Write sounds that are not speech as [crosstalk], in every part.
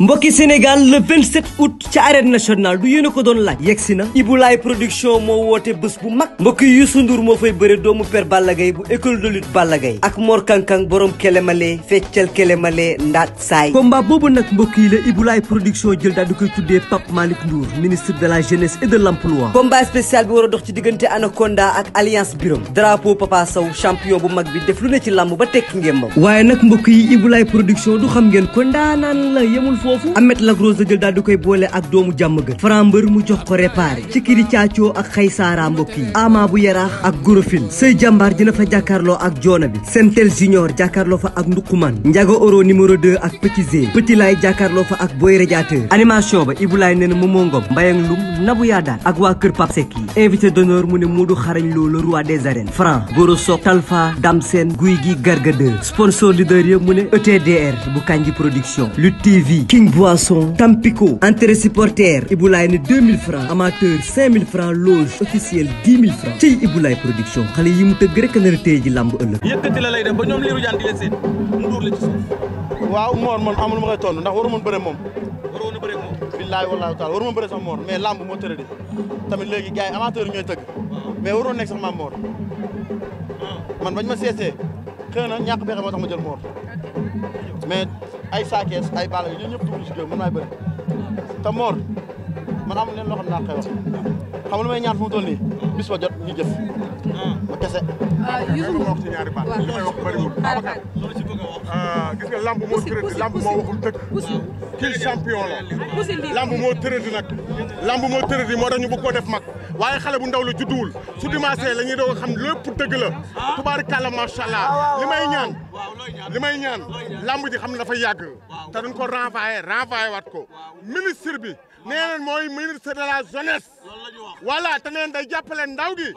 mbokki Sénégal le 27 août ci arène nationale du yéen a ko doon laaj yegg si na Ibulaay production moo woote bés bu mag mbokki Youssou Ndour moo fay bëre doomu père Balla Gaye bu école de lutte Balla Gaye ak Mor Kankang borom kelemale feccal kelemale ndaat saay combat boobu nag mbokk yi la Ibulaay production jël daal di koy tuddee Pape Malick Ndour ministre de la jeunesse et de l'emploi combat spécial bi war dox ci diggante Anaconda ak Alliance Birom drapeau Papa Sow champion bu mag bi def lu ne ci làmb ba tekki ngémbam waaye nag mbokk yi Ibulaay production xam ngeen ko ndaanaan foofu Amet Lac Rose la koy boole ak doomu jàmm gën Franc mbër mu jox ko réparé ci kiri caacoo ak xay saara mbokk yi ama bu yaraax ak gorofil sëy jàmbaar na fa jàkkaarloo ak joona bi sentel junior jàkkaarloo fa ak ndukuman njaga oro numéro 2 ak petit zé petit laay jàkkaarloo fa ak boy radiateur animation ba ibulaay nee na momoo ngom mbayang lum nabu yaa daan ak waa kër pap sek yi invité d'honneur mu du moodu xarañ loo le roi des arènes franc goro sok talfa dam seen guy gi gargadeur sponsor leader mu ne e production King Boisson Tampico entrée supporter Iboulaye ne 2000 francs amateur 5000 francs loge officielle 10 000 francs ci Iboulaye xale yi mu tëgg rek nar a téye ji làmb ëllëg la lay def ba ñoom liiru jaan di leen seen mu dóor la ci suuf waaw moor man amul ma koy tontu ndax waru mën bëre moom waru mën bëre moom billaahi waru mën bëre sax moor mais làmb moo tëra di tamit léegi gars sax maam moor ah. man bañ ma seesee xëy na ñàkk pexe moo tax ma jël moor ay saakees ay bala yi ñun ñëpp dugg ci géew man maay bëri te Mor man amul leen loo xam ne naa koy wax xam lu may ñaan fu mu toll nii jot ñu jëf ba kese. Ah, a wax. Ah, gis nga lamb moo tërëdd lamb moo waxul dëkk. kii la. lamb moo tërëdd moo tërëdd moo ñu bëgg def mag. waaye xale bu ndaw la judduwul su dimanche la ñuy doog xam lépp dëgg la tubaarikàlla macha allah li may ñaan li may ñaan lamb ji xam ne dafa yàgg te duñ ko renvoyé renvoyé waat ko ministre bi nee neen mooy ministre de la jeunesse voilà te neen day jàppale ndaw gi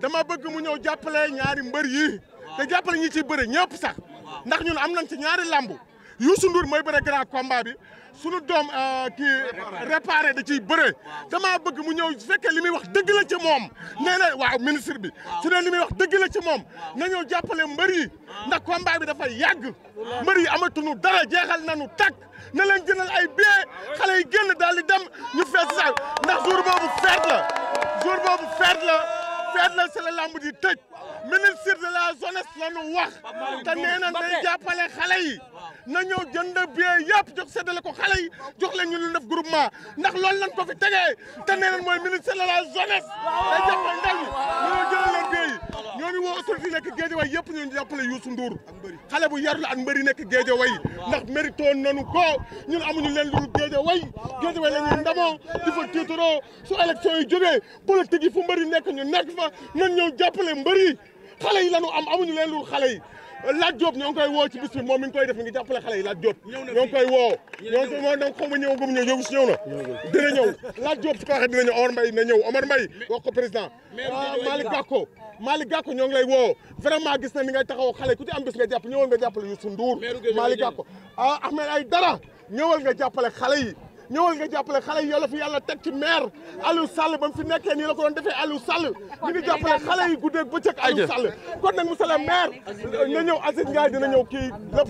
dama bëgg mu ñëw jàppale ñaari mbër yi te jàppale ñi ci bëri ñëpp sax ndax ñun am nañ ci ñaari lamb yu Ndour mooy bëre grand combat bi sunu doom euh, kii réparé da ciy bëre damaa bëgg mu ñëw su fekkee li muy wax dëgg la ci moom nee na waaw ministre bi su dee li wax dëgg la ci moom na ñëw jàppale mbër yi ndax combat bi dafa yàgg mbër yi amatuñu dara jeexal nañu tàkk ne leen jëndal ay billets xale yi génn daal di dem ñu fees sax ndax jour boobu feet la jour boobu feet la fête la si la lamb di tëj ministre de la jeunesse la ñu wax te nee na day jàppale xale yi na ñëw jënd billet yëpp jox séddale ko xale yi jox leen ñu lu def groupement ndax loolu lañ ko fi tegee te nee na mooy ministre de la jeunesse day jàppale ndaw ñi ñu jël leen billet yi ngi woo autorité nekk Géejawaay yëpp ñu jàppale Youssou Ndour xale bu yar la ak mbëri nekk Géejawaay ndax méritoon nañu ko ñun amuñu leen lu Géejawaay Géejawaay la ñu ndamoo di fa tiitaroo su élection yi jógee politique yi fu mbëri nekk ñu nekk fa nañ ñëw jàppale mbëri xale yi lañu am amuñu leen lu xale yi Lat Diop ñoo ngi koy woo ci bis moom mi ngi koy def mi ngi jàppale xale yi Lat Diop ñoo ngi koy woo ñoo ngi moo nag xaw ma ñëw gëm ñëw yow si ñëw na Lat Diop su ko waxee dina ñëw Omar na ñëw Omar Mbaye wax ko président Malick Gakou Malick Gakou ñoo ngi lay woo vraiment gis na ni ngay taxaw xale ku ci am bis nga jàpp ñëwal nga jàppale Youssou Ndour Malick Gakou ah Ahmed Aïdara ñëwal nga jàppale xale yi ñëwal nga jàppale xale yi yàlla fi yàlla teg ci maire Aliou Sall ba mu fi nekkee nii la ko doon defee Aliou Sall ñu ngi jàppale xale yi guddeeg bëccëg Aliou Sall kon nag monsieur le maire nga ñëw Aziz Ndiaye dina ñëw kii la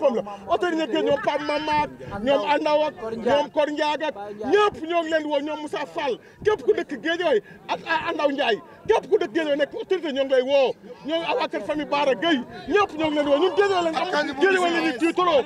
oto yi nekkee ñoom Pape Mamaak ñoom Andaw ñoom Kor Ndiaag ak ñëpp ñoo ngi woo ñoom Moussa Fall képp ku dëkk Guédiawaye ak Andaw Ndiaye képp ku dëkk Guédiawaye nekk autorité ñoo ngi lay woo ñoo ngi awaa kër famille Baara Gueye ñëpp ñoo ngi leen di woo ñun Guédiawaye lañ am Guédiawaye la ñuy tiitaroo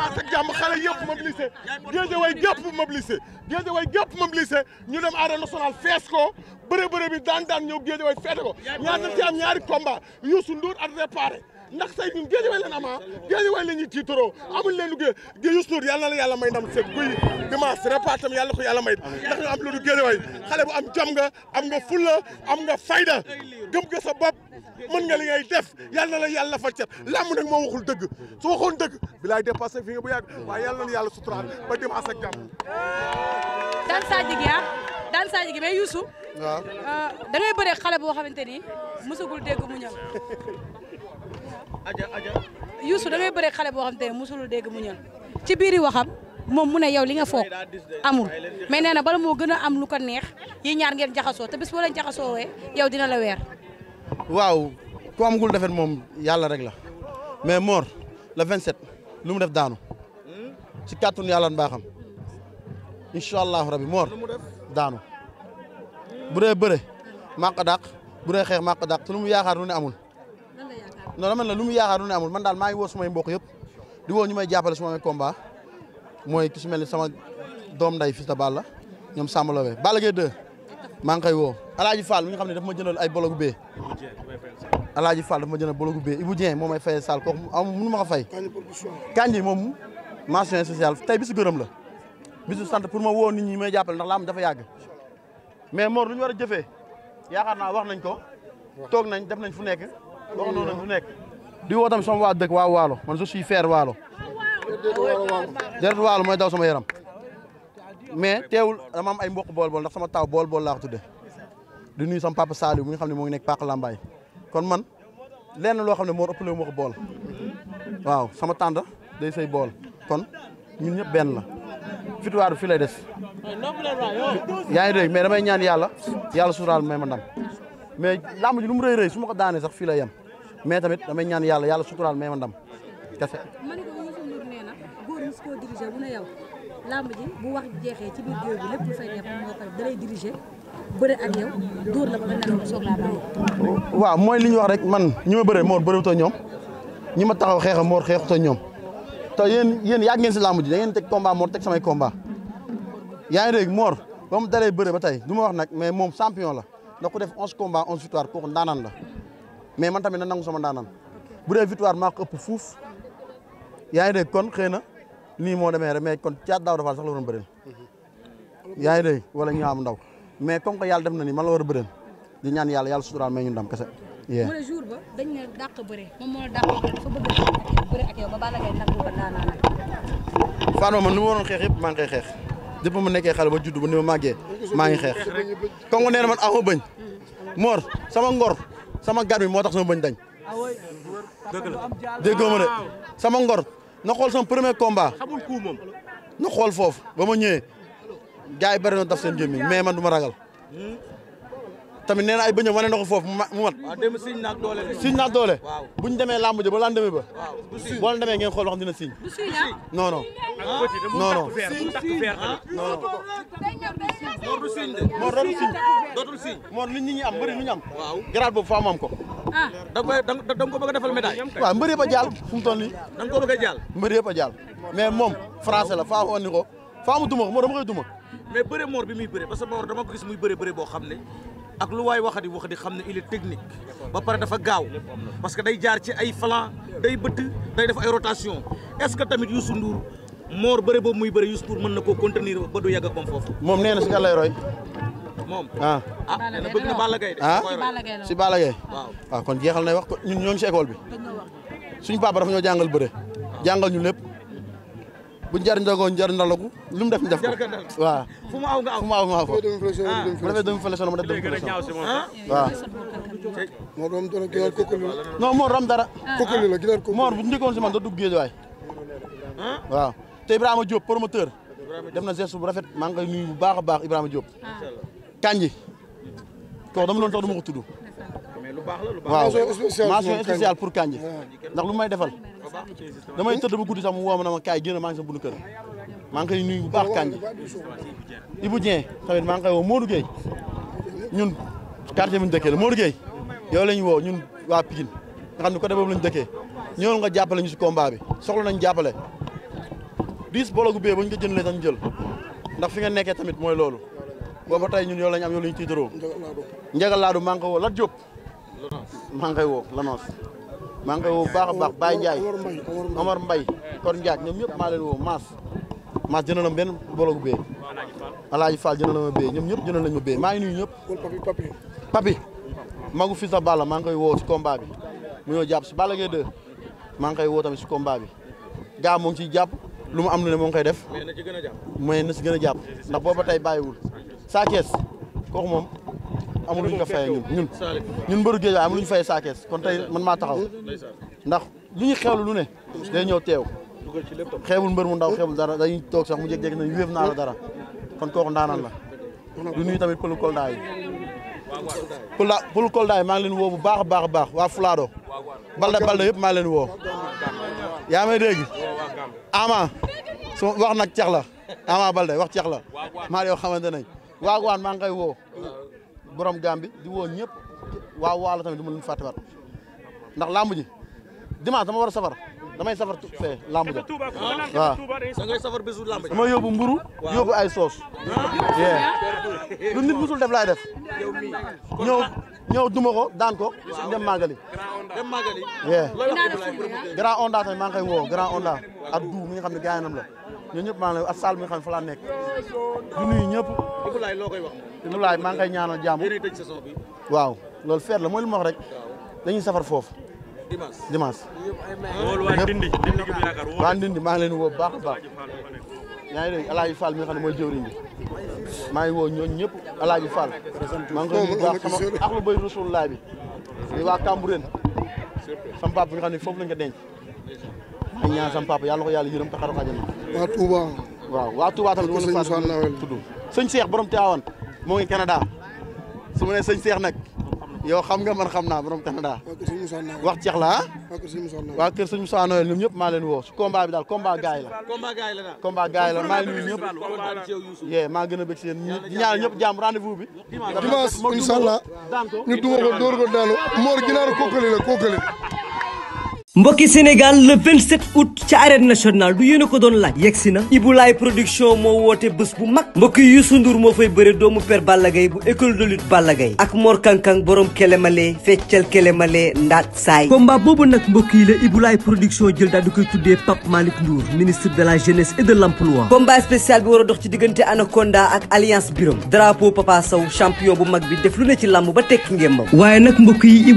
commencé ak jàmm xale yëpp mobilisé Guédiawaye gépp mobilisé Guédiawaye gépp mobilisé ñu dem arène nationale fees ko bëre bëre bi daan daan ñëw Guédiawaye feete ko ñaar nañ ci am ñaari combat Youssou Ndour ak réparé ndax say ñun géej way leen ama géej way la ñuy tiitaroo leen lu gé Youssou Ndour yàlla na la yàlla may ndam seeg guy dimanche repatam yàlla ko yàlla may ndax am lu du géej way xale am jom nga am nga fulla am nga fayda gëm nga sa bopp mën nga li ngay def yàlla na la yàlla fal cet làmb nag moo waxul dëgg su waxoon dëgg bilaay dépassé fi nga bu yàgg waaye yàlla na yàlla suturaal ba dimanche ak jàmm daan Sadji gi ah daan Sadji gi mais Youssou waaw euh, da ngay xamante ni mosagul dégg mu [laughs] Youssou da ngay bëre xale boo xam te ne mosul dégg mu ñëw ci biiri waxam moom mu ne yow li nga foog amul mais nee na bala moo gën a am lu ko neex yi ñaar ngeen jaxasoo te bis jaxasoo wee yow dina la weer. waaw ku amagul defet moom yàlla rek la mais la le 27 lu mu def daanu ci kàttanu yàlla baaxam incha allahu rabi Mor daanu bu dee bëre maa ko dàq bu dee xeex maa ko dàq te lu mu yaakaar amul. non dama la lu mu yaakaar lu ne amul man daal maa ngi woo sumay mbokk yëpp di woo ñu may jàppale su ma amee mooy ki su mel ni sama doom nday Fils de Balla ñoom Samba Lobé Balla Gaye 2 maa ngi koy woo Alaaji Fall mi nga xam ne daf ma jëndal ay bologu bee Alaaji Fall daf ma jëndal bologu bee Ibou Dieng moo may fayee Sall kooku am mënu ma ko fay kanji moom si al tey bisu gërëm la bisu sant pour ma woo nit ñi may jàppale ndax laa am dafa yàgg mais Mor war a jëfee yaakaar naa nañ ko nañ def nañ fu nekk wax nekk di woo tam sama waa dëkk waa waalo man je suis fier waalo deret waalo mooy daw sama yaram mais teewul dama ay mbokk bool bool ndax sama taw bool bool laa ko tudde di nuyu sama papa Saliou mi nga xam ne moo ngi nekk Pàq Lambaay kon man lenn loo xam ne moo ëpp la moo ko bool waaw sama tànd day say bool kon ñun ñëpp benn la victoire bi fii lay des yaa ngi dégg mais damay ñaan yàlla yàlla suturaal may ma ndam mais làmb ji lu mu rëy rëy su ma ko daanee sax fii lay yem mais tamit damay ñaan yàlla yàlla suturaal may ma ndam kese. ma ne ko Youssou Ndour nee na góor mos koo dirigé wu la ba nga soog mooy li ñu wax rek man ñi ma bëree moo bëriwutoo ñoom ñi ma taxaw xeexa moo xeexutoo ñoom te yéen yéen yàgg ngeen si làmb ji da ngeen teg combat teg samay combat yaa ngi dégg Mor mu dalee bëre ba tey du ma wax nag mais moom champion la ndax ku def onze combat onze victoire kooku ndaanaan la. mais man tamit na nangu sama ndaanaan bu dee victoire maa ko ëpp fuuf yaa ngi kon xëy na nii moo demee rek mais kon caat daaw dafa sax la waroon bëreel yaa ngi dégg wala ñu am ndaw mais comme que yàlla dem na ni man la war a bëreel di ñaan yàlla yàlla suturaal may ñu ndam kese. mu ne jour man ni ma xeex yëpp maa ngi koy xeex depuis mu nekkee xale ba judd ba ni ma màggee maa ngi xeex comme que nee man aw ma bañ sama ngor sama gar bi moo tax sama bëñ dañ. déggoo ma de sama ngor na xool sama premier combat. xamul ku moom. na xool foofu ba ma ñëwee gars yi bari na daf seen jëmmi mais man du ma ragal. tamit nee na ay bëñam wane na ko foofu mu mat. waaw dem doole de. siñ naag waaw bu ñu làmb ja ba lan demee ba. waaw bu siñ boo demee ngeen xool wax dina siñ. du siñ ah non non. Ah? non non siñ ñu am mbëri nit ñi am. waaw grade boobu faamu am ko. ah da nga koy da nga ko ba a defal médaille. waaw mbëri yëpp a jàll fu mu toll nii. da nga ko bëgg a a moom français la faamu andi ko faamu duma ko Mor dama koy duma. bi muy bëre parce que Mor dama ko gis muy boo xam ne ak lu waay waxati waxati xam ne il est technique ba pare dafa gaaw parce que day jaar ci ay flanc day bëtt day def ay rotation est-ce que tamit Youssou Ndour moor bëre boobu muy bëre Youssou Ndour mën na koo contenir ba du yàgg ak moom foofu. moom nee na si kan roy. moom ah. ah nee na bëgg na ah? si baa Gaye waaw waaw ah, kon jeexal nay wax ñun ñoo ngi si école bi suñu papa dafa ñoo jàngal bëre jàngal ñu lépp. bu njariñ dogoo njariñ ndalagu lu mu def ñu def ko waaw fu mu aw nga aw demi fële sono ah. ma def demi fële sono ah. waaw moo doon doon ginaar kokkali la non moo ram dara kokkali ah, la ginaar bu njëkkoon si man da dugg géej waay waaw te Ibrahima Diop promoteur def na geste bu rafet maa ngi koy nuyu bu baax a baax Ibrahima Diop kanji kooku dama doon tax du ma ko tudd waaw mention spéciale pour Kandji ndax lu may defal damay tëdd ba guddi sax mu woo ma na ma kaay génn maa ngi sa bundu kër maa ngi koy nuyu bu baax Kandji Ibou Dieng tamit maa ngi koy woo Modou ñun quartier bu ñu dëkkee la Modou Gueye la ñu woo ñun waa Pikine nga xam ne côté boobu la ñu dëkkee ñëwal nga jàppale ñu si combat bi soxla nañ jàppale dix bologu bee ba ñu ko jënlee dañ jël ndax fi nga nekkee tamit mooy loolu booba tey ñun yow lañ am yow la ñu tiitaroo njagal laadu maa ngi ko Lat Diop maa ngi koy woo Lanos maa ngi koy woo baax a baax Baye Ndiaye Omar Mbaye Kor Ndiak ñoom ñëpp maa leen woo Maas Maas jëndal na benn bologu be Alaaji Fall jëndal na a bee ñoom ñëpp jëndal nañ ma bee maa ngi nuyu ñëpp papi magu fi sa Balla maa ngi koy woo si combat bi mu ñëw jàpp si Balla Gaye 2 maa ngi koy woo tamit si combat bi gaa moo ngi ciy jàpp lu mu am lu ne moo ngi koy def mais na si gën a jàpp ndax booba tey bàyyiwul saa kees kooku moom amul lu ñu ko fayee ñun ñun ñun mbëru géej amul lu ñu fayee saakees kon te man maa taxaw ndax lu ñu xewlu lu ne day ñëw teew xeebul mbër mu ndaw xeebul dara dañuy toog sax mu jékki-jékki nañ wéef naa la dara kon kooku ndaanaan la du nuyu tamit pëlu kolda yi pël pëlu kolda yi maa ngi leen woo bu baax a baax a baax waa fulaado balda balda yëpp maa ngi leen woo yaa may dégg ama wax nag ceex la ama balde wax ceex la maa yow xamante nañ waagwaan maa ngi koy woo borom Gàmbi di woo ñëpp waa waalo tamit du ma leen fàttewaat ndax làmb ji dimanche dama war safar damay safar fee làmb ja waaw dama yóbbu mburu yóbbu ay soos ah. yee lu nit musul def laay def ñëw ñëw duma ko daan ko dem màggali yee grand onda tamit du mi xam ne gaay la ñoo ñëpp maa ngi lay ak mi nga nekk ñëpp loo koy wax Ibulaay maa ngi koy ñaanal jàmm yéenay bi waaw loolu feer la mooy li ma rek dañuy safar foofu dimanche dimanche loolu waa maa leen woo baax a baax yaa ngi dégg Alaaji Fall mi ne mooy jëwriñ bi maa ngi woo ñooñu ñëpp Alaaji maa ngi koy nuyu baax sama axlu bay Rasulullah waa Cambérène sama papa bi nga xam ne foofu lañ ko denc maa ngi ñaan ko yàlla yërëm taxaru àjjana waa Touba. waaw waa Touba tamit mën na faa tudd sëñ Cheikh borom Tivaouane moo ngi Canada su ma nee sëñ Cheikh nag yow xam nga man xam naa borom Canada wax Cheikh la ah waa kër sëñ Moussa Noël ñoom ñëpp maa leen woo su combat bi daal combat gaay la combat gaay la maa ngi nuyu ñëpp yee maa gën a bëgg si yéen ñaar ñëpp jàmm rendez-vous bi dimanche incha allah ñu duma ko dóor ko daanu moor ginaar kookali la kookali mbokki Sénégal le 27 août ci arène nationale du yéen ko doon laaj yegsi na Ibulaay production moo woote bés bu mag mbokki Youssou Ndour moo fay bëre doomu père Balla Gaye bu école de lutte Balla Gaye ak Mor Kankang borom kelemale feccal kelemale ndaat saay combat boobu nag mbokk yi la Ibulaay production jël daal di koy tuddee Pape Malick Ndour ministre de la jeunesse et de l'emploi combat spécial bi war a dox ci diggante Anaconda ak Alliance Birom drapeau bu mag bi def lu ne ci ba tekki ngémbam waaye nag mbokk yi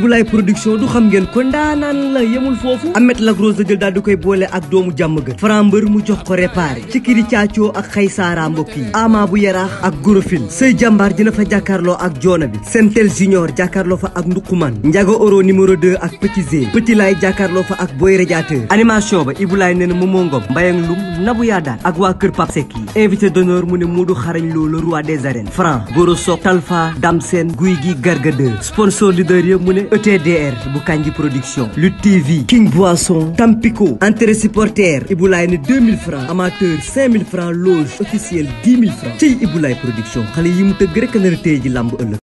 foofu Amet Lac Rose la koy boole ak doomu jàmm gën Franc mbër mu jox ko réparé ci kiri caacoo ak xay saara mbokk yi bu yaraax ak gorofil sëy ji na fa jàkkaarloo ak joona bi seen sentel junior jàkkaarloo fa ak ndukuman njaga oro numéro 2 ak petit zé petit laay jàkkaarloo fa ak boy radiateur animation ba ibulaay nee na momoo ngom mbayang lum nabu yaa daan ak waa kër pap sek yi invité d'honneur mu ne moodu xarañ loo le roi des arènes franc goro sok talfa dam seen guy gi gargadeur sponsor leader mu ne etdr bu King Boisson Tampico entrée supporter Iboulaye ne 2000 francs amateur 5000 francs loge officielle 10 000 francs ci Iboulaye production xale yi mu tëgg rek a làmb ëllëg